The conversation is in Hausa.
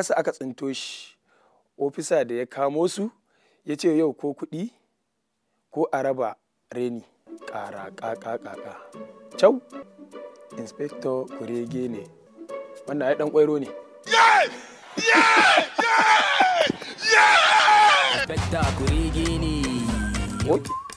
ƙasa aka tsinto shi ofisa da ya kamo su ya ce yau ko kuɗi ko a raba reni ƙara ƙaƙa cau inspector kurege ne wannan ya ɗan ƙwairo ne inspector kurege ne